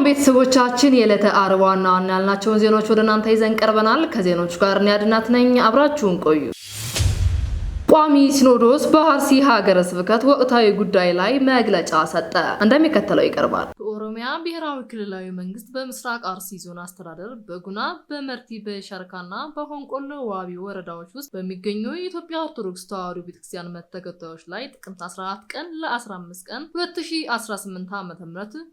ሰላም ቤተሰቦቻችን፣ የዕለተ አርብ ዋና ዋና ያልናቸውን ዜናዎች ወደ እናንተ ይዘን ቀርበናል። ከዜናዎቹ ጋር እኔ አድናት ነኝ። አብራችሁን ቆዩ። ቋሚ ሲኖዶስ በአርሲ ሀገረ ስብከት ወቅታዊ ጉዳይ ላይ መግለጫ ሰጠ። እንደሚከተለው ይቀርባል። የኦሮሚያ ብሔራዊ ክልላዊ መንግስት በምስራቅ አርሲ ዞን አስተዳደር በጉና በመርቲ በሸርካና በሆንቆሎ ዋቢ ወረዳዎች ውስጥ በሚገኙ የኢትዮጵያ ኦርቶዶክስ ተዋሕዶ ቤተክርስቲያን እምነት ተከታዮች ላይ ጥቅምት 14 ቀን ለ15 ቀን 2018 ዓ ም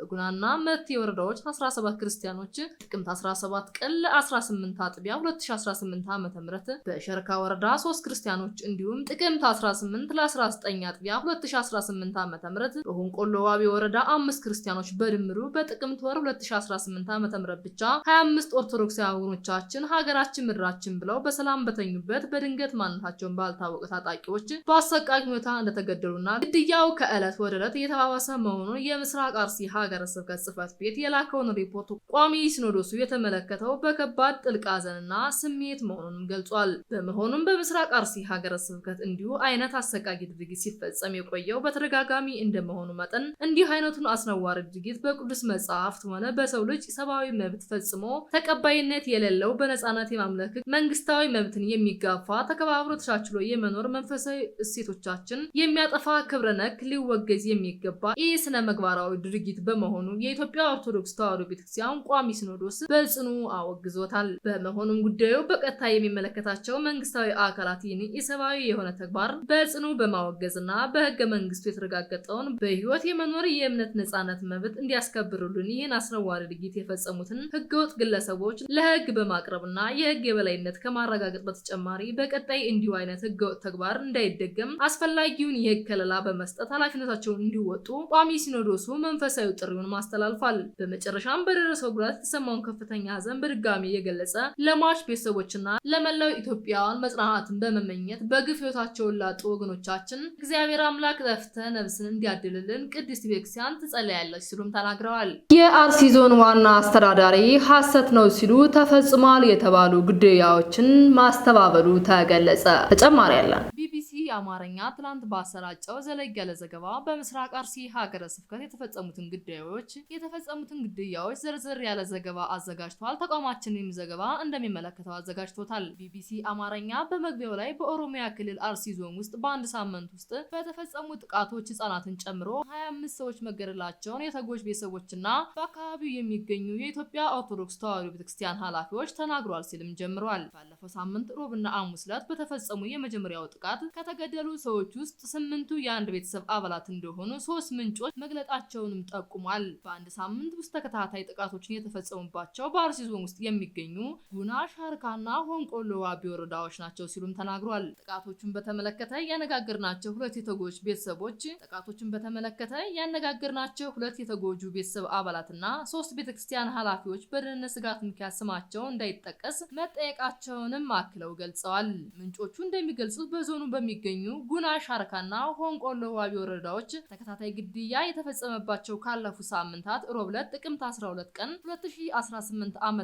በጉናና መርቲ ወረዳዎች 17 ክርስቲያኖች ጥቅምት 17 ቀን ለ18 አጥቢያ 2018 ዓ ም በሸርካ ወረዳ 3 ክርስቲያኖች እንዲሁም ጥቅምት 18 ለ19 አጥቢያ 2018 ዓ.ም በሆንቆሎ ዋቢ ወረዳ አምስት ክርስቲያኖች በድምሩ በጥቅምት ወር 2018 ም ብቻ 25 ኦርቶዶክስ ወገኖቻችን ሀገራችን ምድራችን ብለው በሰላም በተኙበት በድንገት ማንነታቸውን ባልታወቀ ታጣቂዎች በአሰቃቂ ሁኔታ እንደተገደሉና ግድያው ከዕለት ወደ ዕለት እየተባባሰ መሆኑን የምስራቅ አርሲ ሀገረ ስብከት ጽሕፈት ቤት የላከውን ሪፖርት ቋሚ ሲኖዶሱ የተመለከተው በከባድ ጥልቅ ሐዘንና ስሜት መሆኑን ገልጿል። በመሆኑም በምስራቅ አርሲ ሀገረ ስብከት ምክንያት እንዲሁ አይነት አሰቃቂ ድርጊት ሲፈጸም የቆየው በተደጋጋሚ እንደመሆኑ መጠን እንዲህ አይነቱን አስነዋሪ ድርጊት በቅዱስ መጽሐፍት ሆነ በሰው ልጅ ሰብአዊ መብት ፈጽሞ ተቀባይነት የሌለው በነጻነት የማምለክ መንግስታዊ መብትን የሚጋፋ ተከባብሮ ተቻችሎ የመኖር መንፈሳዊ እሴቶቻችን የሚያጠፋ ክብረ ነክ ሊወገዝ የሚገባ ይህ ስነ መግባራዊ ድርጊት በመሆኑ የኢትዮጵያ ኦርቶዶክስ ተዋሕዶ ቤተክርስቲያን ቋሚ ሲኖዶስ በጽኑ አወግዞታል። በመሆኑም ጉዳዩ በቀጥታ የሚመለከታቸው መንግስታዊ አካላት ይህን የሰብአዊ የሆነ ተግባር በጽኑ በማወገዝና በህገ መንግስቱ የተረጋገጠውን በህይወት የመኖር የእምነት ነጻነት መብት እንዲያስከብሩልን ይህን አስነዋሪ ድርጊት የፈጸሙትን ህገወጥ ግለሰቦች ለህግ በማቅረብና የህግ የበላይነት ከማረጋገጥ በተጨማሪ በቀጣይ እንዲሁ አይነት ህገወጥ ተግባር እንዳይደገም አስፈላጊውን የህግ ከለላ በመስጠት ኃላፊነታቸውን እንዲወጡ ቋሚ ሲኖዶሱ መንፈሳዊ ጥሪውን ማስተላልፏል። በመጨረሻም በደረሰው ጉዳት የተሰማውን ከፍተኛ ሐዘን በድጋሚ የገለጸ ለማሽ ቤተሰቦችና ለመላው ኢትዮጵያውያን መጽናናትን በመመኘት በግፍ ሕይወታቸውን ላጡ ወገኖቻችን እግዚአብሔር አምላክ ረፍተ ነፍስን እንዲያድልልን ቅድስት ቤተክርስቲያን ትጸለያለች ሲሉም ተናግረዋል። የአርሲ ዞን ዋና አስተዳዳሪ ሐሰት ነው ሲሉ ተፈጽሟል የተባሉ ግድያዎችን ማስተባበሉ ተገለጸ። ተጨማሪ ያለን የአማርኛ ትናንት ባሰራጨው ዘለግ ያለ ዘገባ በምስራቅ አርሲ ሀገረ ስብከት የተፈጸሙትን ግዳዮች የተፈጸሙትን ግድያዎች ዝርዝር ያለ ዘገባ አዘጋጅቷል። ተቋማችንም ዘገባ እንደሚመለከተው አዘጋጅቶታል። ቢቢሲ አማርኛ በመግቢያው ላይ በኦሮሚያ ክልል አርሲ ዞን ውስጥ በአንድ ሳምንት ውስጥ በተፈጸሙ ጥቃቶች ህጻናትን ጨምሮ 25 ሰዎች መገደላቸውን የተጎጂ ቤተሰቦችና በአካባቢው የሚገኙ የኢትዮጵያ ኦርቶዶክስ ተዋሕዶ ቤተክርስቲያን ኃላፊዎች ተናግሯል ሲልም ጀምሯል። ባለፈው ሳምንት ሮብና አሙስ ዕለት በተፈጸሙ የመጀመሪያው ጥቃት ከተገደሉ ሰዎች ውስጥ ስምንቱ የአንድ ቤተሰብ አባላት እንደሆኑ ሶስት ምንጮች መግለጣቸውንም ጠቁሟል። በአንድ ሳምንት ውስጥ ተከታታይ ጥቃቶችን የተፈጸሙባቸው በአርሲ ዞን ውስጥ የሚገኙ ጉና፣ ሻርካና ሆንቆሎ ዋቢ ወረዳዎች ናቸው ሲሉም ተናግሯል። ጥቃቶቹን በተመለከተ ያነጋገርናቸው ሁለት የተጎጂ ቤተሰቦች ጥቃቶቹን በተመለከተ ያነጋገርናቸው ሁለት የተጎጁ ቤተሰብ አባላትና ሶስት ቤተክርስቲያን ኃላፊዎች በደህንነት ስጋት ምክንያት ስማቸው እንዳይጠቀስ መጠየቃቸውንም አክለው ገልጸዋል። ምንጮቹ እንደሚገልጹት በዞኑ በሚገ የሚገኙ ጉና ሻርካና ሆንቆሎ ዋቢ ወረዳዎች ተከታታይ ግድያ የተፈጸመባቸው ካለፉ ሳምንታት ሮብ ዕለት ጥቅምት 12 ቀን 2018 ዓ.ም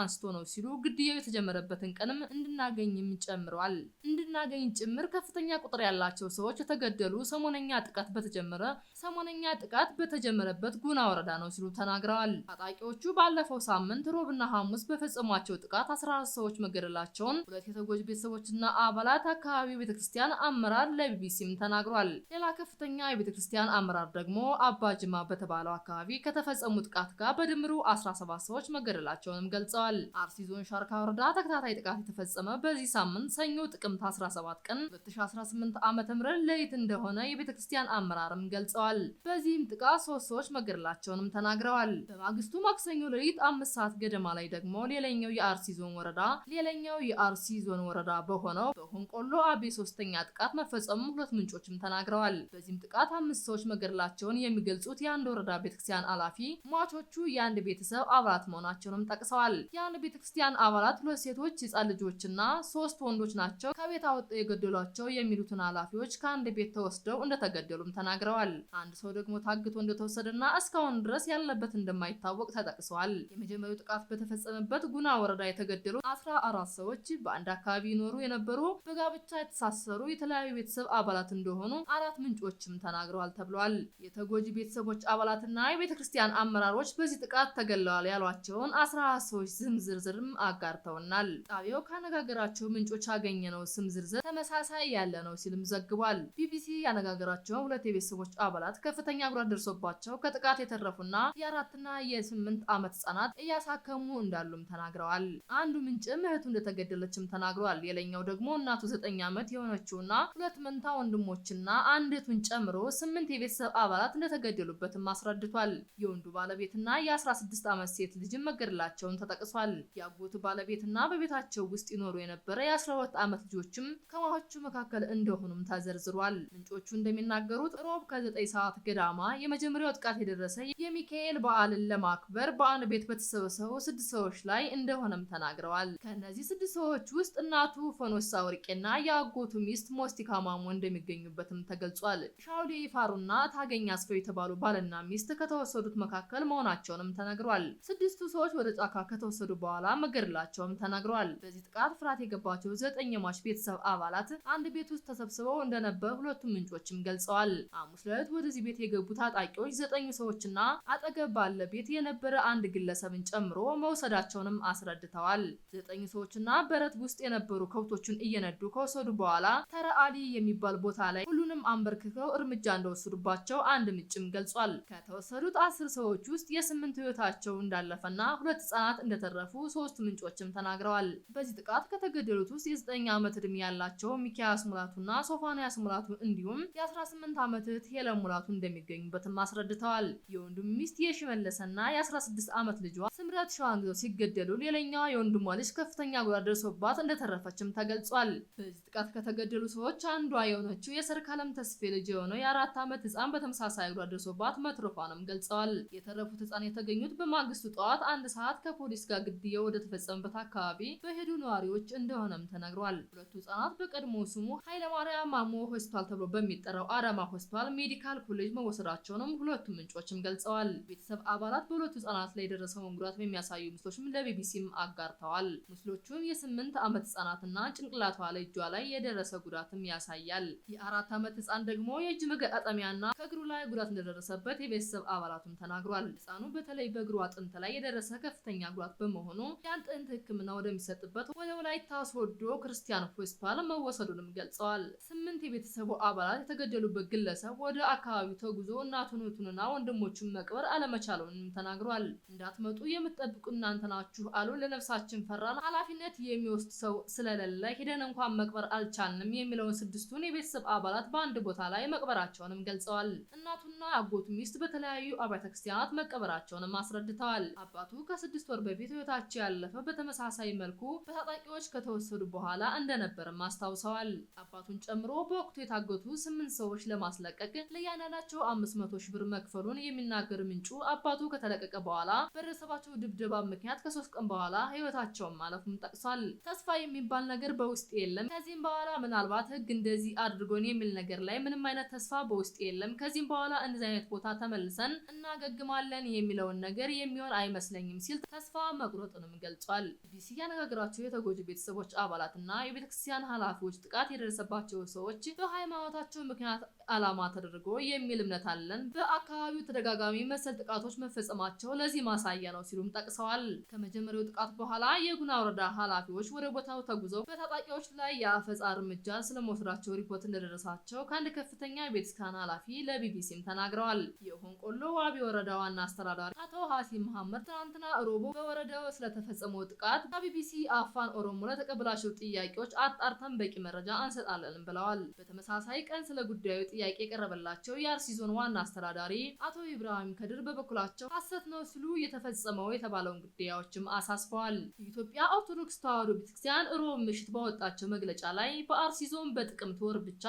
አንስቶ ነው ሲሉ ግድያው የተጀመረበትን ቀንም እንድናገኝም ጨምረዋል። እንድናገኝ ጭምር ከፍተኛ ቁጥር ያላቸው ሰዎች የተገደሉ ሰሞነኛ ጥቃት በተጀመረ ሰሞነኛ ጥቃት በተጀመረበት ጉና ወረዳ ነው ሲሉ ተናግረዋል። ታጣቂዎቹ ባለፈው ሳምንት ሮብና ሐሙስ በፈጸሟቸው ጥቃት 14 ሰዎች መገደላቸውን ሁለት የተጎጂ ቤተሰቦችና አባላት አካባቢው ቤተክርስቲያን አመራር ለቢቢሲም ተናግሯል። ሌላ ከፍተኛ የቤተ ክርስቲያን አመራር ደግሞ አባጅማ በተባለው አካባቢ ከተፈጸሙ ጥቃት ጋር በድምሩ 17 ሰዎች መገደላቸውንም ገልጸዋል። አርሲ ዞን ሻርካ ወረዳ ተከታታይ ጥቃት የተፈጸመ በዚህ ሳምንት ሰኞ ጥቅምት 17 ቀን 2018 ዓ ም ለይት እንደሆነ የቤተ ክርስቲያን አመራርም ገልጸዋል። በዚህም ጥቃት ሶስት ሰዎች መገደላቸውንም ተናግረዋል። በማግስቱ ማክሰኞ ለይት አምስት ሰዓት ገደማ ላይ ደግሞ ሌላኛው የአርሲ ዞን ወረዳ ሌላኛው የአርሲ ዞን ወረዳ በሆነው በሆንቆሎ አቤ ሶስተኛ ጥቃት መፈጸሙን ሁለት ምንጮችም ተናግረዋል። በዚህም ጥቃት አምስት ሰዎች መገደላቸውን የሚገልጹት የአንድ ወረዳ ቤተክርስቲያን ኃላፊ ሟቾቹ የአንድ ቤተሰብ አባላት መሆናቸውንም ጠቅሰዋል። የአንድ ቤተክርስቲያን አባላት ሁለት ሴቶች፣ ህጻን ልጆችና ሶስት ወንዶች ናቸው ከቤት አወጥተው የገደሏቸው የሚሉትን ኃላፊዎች ከአንድ ቤት ተወስደው እንደተገደሉም ተናግረዋል። አንድ ሰው ደግሞ ታግቶ እንደተወሰደና እስካሁን ድረስ ያለበት እንደማይታወቅ ተጠቅሰዋል። የመጀመሪያው ጥቃት በተፈጸመበት ጉና ወረዳ የተገደሉ አስራ አራት ሰዎች በአንድ አካባቢ ይኖሩ የነበሩ በጋብቻ የተሳሰሩ የተለያዩ ቤተሰብ አባላት እንደሆኑ አራት ምንጮችም ተናግረዋል ተብሏል። የተጎጂ ቤተሰቦች አባላትና የቤተ ክርስቲያን አመራሮች በዚህ ጥቃት ተገለዋል ያሏቸውን አስራ ሰዎች ስም ዝርዝርም አጋርተውናል። ጣቢያው ካነጋገራቸው ምንጮች ያገኘነው ስም ዝርዝር ተመሳሳይ ያለ ነው ሲልም ዘግቧል። ቢቢሲ ያነጋገራቸው ሁለት የቤተሰቦች አባላት ከፍተኛ ጉዳት ደርሶባቸው ከጥቃት የተረፉና የአራትና የስምንት ዓመት ህጻናት እያሳከሙ እንዳሉም ተናግረዋል። አንዱ ምንጭም እህቱ እንደተገደለችም ተናግሯል። ሌላኛው ደግሞ እናቱ ዘጠኝ ዓመት የሆነችው ና ሁለት መንታ ወንድሞችና አንዲቱን ጨምሮ ስምንት የቤተሰብ አባላት እንደተገደሉበትም አስረድቷል። የወንዱ ባለቤትና የ16 ዓመት ሴት ልጅም መገደላቸውን ተጠቅሷል። የአጎቱ ባለቤትና በቤታቸው ውስጥ ይኖሩ የነበረ የ12 ዓመት ልጆችም ከሟቾቹ መካከል እንደሆኑም ተዘርዝሯል። ምንጮቹ እንደሚናገሩት ሮብ ከ9 ሰዓት ገዳማ የመጀመሪያው ጥቃት የደረሰ የሚካኤል በዓልን ለማክበር በአንድ ቤት በተሰበሰቡ ስድስት ሰዎች ላይ እንደሆነም ተናግረዋል። ከእነዚህ ስድስት ሰዎች ውስጥ እናቱ ፈኖሳ ወርቄና የአጎቱ ሚስት ሞስቲካማሞ እንደሚገኙበትም ተገልጿል። ሻውሊ ፋሩና ታገኝ አስፈው የተባሉ ባልና ሚስት ከተወሰዱት መካከል መሆናቸውንም ተነግሯል። ስድስቱ ሰዎች ወደ ጫካ ከተወሰዱ በኋላ መገደላቸውም ተነግሯል። በዚህ ጥቃት ፍርሃት የገባቸው ዘጠኝ የሟች ቤተሰብ አባላት አንድ ቤት ውስጥ ተሰብስበው እንደነበር ሁለቱም ምንጮችም ገልጸዋል። ሐሙስ ዕለት ወደዚህ ቤት የገቡ ታጣቂዎች ዘጠኙ ሰዎችና አጠገብ ባለ ቤት የነበረ አንድ ግለሰብን ጨምሮ መውሰዳቸውንም አስረድተዋል። ዘጠኙ ሰዎችና በረት ውስጥ የነበሩ ከብቶቹን እየነዱ ከወሰዱ በኋላ ተራ አሊ የሚባል ቦታ ላይ ሁሉንም አንበርክከው እርምጃ እንደወሰዱባቸው አንድ ምንጭም ገልጿል። ከተወሰዱት አስር ሰዎች ውስጥ የስምንት ህይወታቸው እንዳለፈና ሁለት ህጻናት እንደተረፉ ሶስት ምንጮችም ተናግረዋል። በዚህ ጥቃት ከተገደሉት ውስጥ የዘጠኝ ዓመት ዕድሜ ያላቸው ሚኪያስ ሙላቱና ሶፋንያስ ሙላቱ እንዲሁም የ18 ዓመት እህት ሄለን ሙላቱ እንደሚገኙበትም አስረድተዋል። የወንድም ሚስት የሽመለሰና የ16 ዓመት ልጇ ስምረት ሸዋንግዘው ሲገደሉ ሌላኛዋ የወንድሟ ልጅ ከፍተኛ ጉዳት ደርሶባት እንደተረፈችም ተገልጿል። በዚህ ጥቃት ከተገደሉ ሴቶች አንዷ የሆነችው አለም ተስፌ ልጅ የሆነው የአራት ዓመት ህፃን በተመሳሳይ እግሯ ደርሶባት መትረፏንም ገልጸዋል። የተረፉት ህፃን የተገኙት በማግስቱ ጠዋት አንድ ሰዓት ከፖሊስ ጋር ግድያው ወደ ተፈጸመበት አካባቢ በሄዱ ነዋሪዎች እንደሆነም ተነግሯል። ሁለቱ ህጻናት በቀድሞ ስሙ ኃይለማርያም ማሞ ሆስፒታል ተብሎ በሚጠራው አዳማ ሆስፒታል ሜዲካል ኮሌጅ መወሰዳቸውንም ሁለቱ ምንጮችም ገልጸዋል። ቤተሰብ አባላት በሁለቱ ህጻናት ላይ የደረሰውን ጉዳት የሚያሳዩ ምስሎችም ለቢቢሲም አጋርተዋል። ምስሎቹም የስምንት ዓመት ህጻናትና ጭንቅላቷ ላይ እጇ ላይ የደረሰ ጉዳት መጎዳትም ያሳያል። የአራት ዓመት ህፃን ደግሞ የእጅ መገጣጠሚያና ከእግሩ ላይ ጉዳት እንደደረሰበት የቤተሰብ አባላቱም ተናግሯል። ህፃኑ በተለይ በእግሩ አጥንት ላይ የደረሰ ከፍተኛ ጉዳት በመሆኑ የአጥንት ህክምና ወደሚሰጥበት ወደ ወላይታ ሶዶ ክርስቲያን ሆስፒታል መወሰዱንም ገልጸዋል። ስምንት የቤተሰቡ አባላት የተገደሉበት ግለሰብ ወደ አካባቢው ተጉዞ እናቱን እህቱንና ወንድሞቹን መቅበር አለመቻሉንም ተናግሯል። እንዳትመጡ የምትጠብቁ እናንተ ናችሁ አሉ። ለነፍሳችን ፈራን፣ ኃላፊነት የሚወስድ ሰው ስለሌለ ሂደን እንኳን መቅበር አልቻልንም የሚል የሚለውን ስድስቱን የቤተሰብ አባላት በአንድ ቦታ ላይ መቅበራቸውንም ገልጸዋል። እናቱና አጎቱ ሚስት በተለያዩ አብያተ ክርስቲያናት መቀበራቸውንም አስረድተዋል። አባቱ ከስድስት ወር በፊት ሕይወታቸው ያለፈ በተመሳሳይ መልኩ በታጣቂዎች ከተወሰዱ በኋላ እንደነበርም አስታውሰዋል። አባቱን ጨምሮ በወቅቱ የታገቱ ስምንት ሰዎች ለማስለቀቅ ለእያንዳንዳቸው አምስት መቶ ሺህ ብር መክፈሉን የሚናገር ምንጩ አባቱ ከተለቀቀ በኋላ በደረሰባቸው ድብደባ ምክንያት ከሶስት ቀን በኋላ ሕይወታቸውን ማለፉም ጠቅሷል። ተስፋ የሚባል ነገር በውስጥ የለም። ከዚህም በኋላ ምናልባት የቅጣት ህግ እንደዚህ አድርጎን የሚል ነገር ላይ ምንም አይነት ተስፋ በውስጥ የለም። ከዚህም በኋላ እንደዚህ አይነት ቦታ ተመልሰን እናገግማለን የሚለውን ነገር የሚሆን አይመስለኝም ሲል ተስፋ መቁረጡንም ገልጿል። ቢቢሲ ያነጋገራቸው የተጎጂ ቤተሰቦች አባላትና የቤተክርስቲያን ኃላፊዎች ጥቃት የደረሰባቸው ሰዎች በሃይማኖታቸው ምክንያት አላማ ተደርጎ የሚል እምነት አለን። በአካባቢው ተደጋጋሚ መሰል ጥቃቶች መፈጸማቸው ለዚህ ማሳያ ነው ሲሉም ጠቅሰዋል። ከመጀመሪያው ጥቃት በኋላ የጉና ወረዳ ኃላፊዎች ወደ ቦታው ተጉዘው በታጣቂዎች ላይ የአፈጻ እርምጃ ስለ መውሰዳቸው ሪፖርት እንደደረሳቸው ከአንድ ከፍተኛ የቤት ስካን ኃላፊ ለቢቢሲም ተናግረዋል። የሆንቆሎ ዋቢ ወረዳ ዋና አስተዳዳሪ አቶ ሀሲም መሐመድ ትናንትና ሮቦ በወረዳው ስለተፈጸመው ጥቃት ከቢቢሲ አፋን ኦሮሞ ለተቀበላቸው ጥያቄዎች አጣርተን በቂ መረጃ አንሰጣለንም ብለዋል። በተመሳሳይ ቀን ስለ ጉዳዩ ጥያቄ የቀረበላቸው የአርሲ ዞን ዋና አስተዳዳሪ አቶ ኢብራሂም ከድር በበኩላቸው ሐሰት ነው ሲሉ የተፈጸመው የተባለውን ጉዳዮችም አሳስበዋል። የኢትዮጵያ ኦርቶዶክስ ተዋሕዶ ቤተክርስቲያን ሮብ ምሽት ባወጣቸው መግለጫ ላይ በአርሲ ዞን በጥቅምት ወር ብቻ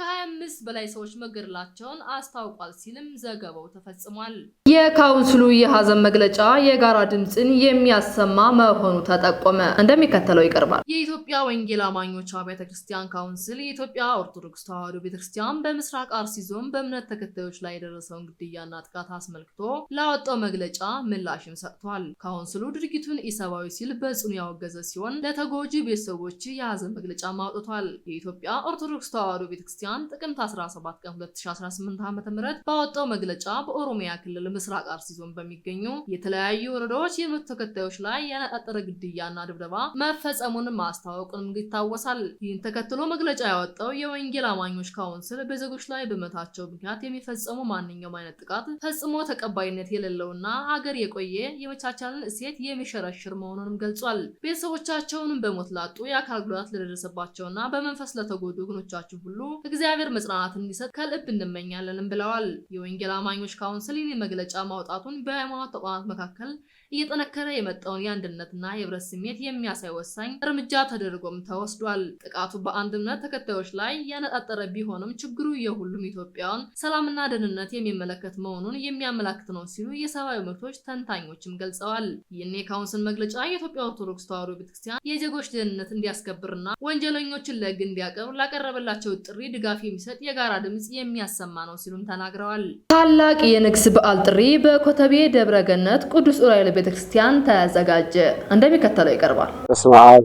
ከ25 በላይ ሰዎች መገደላቸውን አስታውቋል ሲልም ዘገባው ተፈጽሟል። የካውንስሉ የሀዘን መግለጫ የጋራ ድምፅን የሚያሰማ መሆኑ ተጠቆመ፣ እንደሚከተለው ይቀርባል። የኢትዮጵያ ወንጌል አማኞች አብያተ ክርስቲያን ካውንስል የኢትዮጵያ ኦርቶዶክስ ተዋሕዶ ቤተክርስቲያን በምስራቅ አርሲ ዞን በእምነት ተከታዮች ላይ የደረሰውን ግድያና ጥቃት አስመልክቶ ላወጣው መግለጫ ምላሽም ሰጥቷል። ካውንስሉ ድርጊቱን ኢሰብአዊ ሲል በጽኑ ያወገዘ ሲሆን ለተጎጂ ቤተሰቦች የሀዘን መግለጫ ማውጥቷል። የኢትዮጵያ ኦርቶዶክስ ተዋሕዶ ቤተክርስቲያን ቤተክርስቲያን ጥቅምት 17 ቀን 2018 ዓ.ም ባወጣው መግለጫ በኦሮሚያ ክልል ምስራቅ አርሲ ዞን በሚገኙ የተለያዩ ወረዳዎች የእምነቱ ተከታዮች ላይ ያነጣጠረ ግድያና ድብደባ መፈጸሙን ማስታወቁንም ይታወሳል። ይህን ተከትሎ መግለጫ ያወጣው የወንጌል አማኞች ካውንስል በዜጎች ላይ በመታቸው ምክንያት የሚፈጸሙ ማንኛውም አይነት ጥቃት ፈጽሞ ተቀባይነት የሌለውና አገር የቆየ የመቻቻልን እሴት የሚሸረሽር መሆኑንም ገልጿል። ቤተሰቦቻቸውንም በሞት ላጡ፣ የአካል ጉዳት ለደረሰባቸውና በመንፈስ ለተጎዱ ወገኖቻችን ሁሉ እግዚአብሔር መጽናናት እንዲሰጥ ከልብ እንመኛለንም ብለዋል። የወንጌል አማኞች ካውንስል መግለጫ ማውጣቱን በሃይማኖት ተቋማት መካከል እየጠነከረ የመጣውን የአንድነትና የህብረት ስሜት የሚያሳይ ወሳኝ እርምጃ ተደርጎም ተወስዷል። ጥቃቱ በአንድ እምነት ተከታዮች ላይ ያነጣጠረ ቢሆንም ችግሩ የሁሉም ኢትዮጵያውን ሰላምና ደህንነት የሚመለከት መሆኑን የሚያመላክት ነው ሲሉ የሰብአዊ መብቶች ተንታኞችም ገልጸዋል። ይህን የካውንስል መግለጫ የኢትዮጵያ ኦርቶዶክስ ተዋሕዶ ቤተክርስቲያን የዜጎች ደህንነት እንዲያስከብርና ወንጀለኞችን ለህግ እንዲያቀርብ ላቀረበላቸው ጥሪ ድጋፍ የሚሰጥ የጋራ ድምፅ የሚያሰማ ነው ሲሉም ተናግረዋል። ታላቅ የንግስ በዓል ጥሪ በኮተቤ ደብረ ገነት ቅዱስ ዑራኤል ቤተክርስቲያን ተዘጋጀ። እንደሚከተለው ይቀርባል። በስመ አብ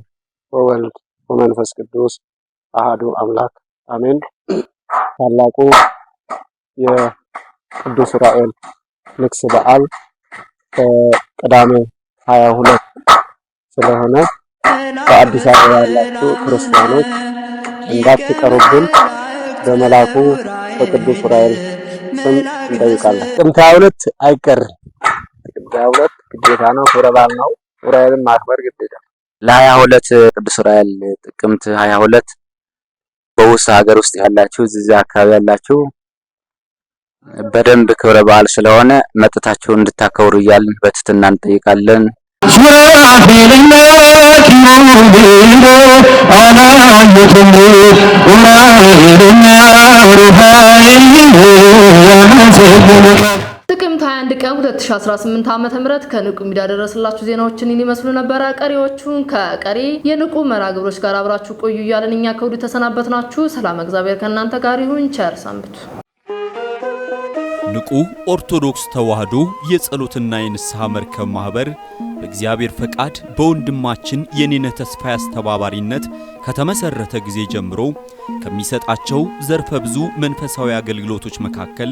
ወወልድ ወመንፈስ ቅዱስ አሃዱ አምላክ አሜን። ታላቁ የቅዱስ ራኤል ንግስ በዓል ቅዳሜ ሀያ ሁለት ስለሆነ በአዲስ አበባ ያላችሁ ክርስቲያኖች እንዳትቀሩብን በመላኩ በቅዱስ ራኤል ስም እንጠይቃለን። ጥምታ ሁለት አይቀርም። ሁለት ግዴታ ነው፣ ክብረ በዓል ነው። ዑራኤልን ማክበር ግዴታ ለሀያ ሁለት ቅዱስ ዑራኤል ጥቅምት ሀያ ሁለት በውስ ሀገር ውስጥ ያላችሁ እዚህ አካባቢ ያላችሁ በደንብ ክብረ በዓል ስለሆነ መጥታችሁ እንድታከብሩ እያልን በትህትና እንጠይቃለን። ጥቅምት 21 ቀን 2018 ዓ.ም ከንቁ ሚዲያ ደረስላችሁ ዜናዎችን ይህን ይመስሉ ነበረ። ቀሪዎቹን ከቀሪ የንቁ መርሃ ግብሮች ጋር አብራችሁ ቆዩ እያልን እኛ ከውዱ ተሰናበትናችሁ። ሰላም እግዚአብሔር ከእናንተ ጋር ይሁን። ቸር ሰንብቱ። ንቁ ኦርቶዶክስ ተዋህዶ የጸሎትና የንስሐ መርከብ ማኅበር በእግዚአብሔር ፈቃድ በወንድማችን የኔነ ተስፋዬ አስተባባሪነት ከተመሠረተ ጊዜ ጀምሮ ከሚሰጣቸው ዘርፈ ብዙ መንፈሳዊ አገልግሎቶች መካከል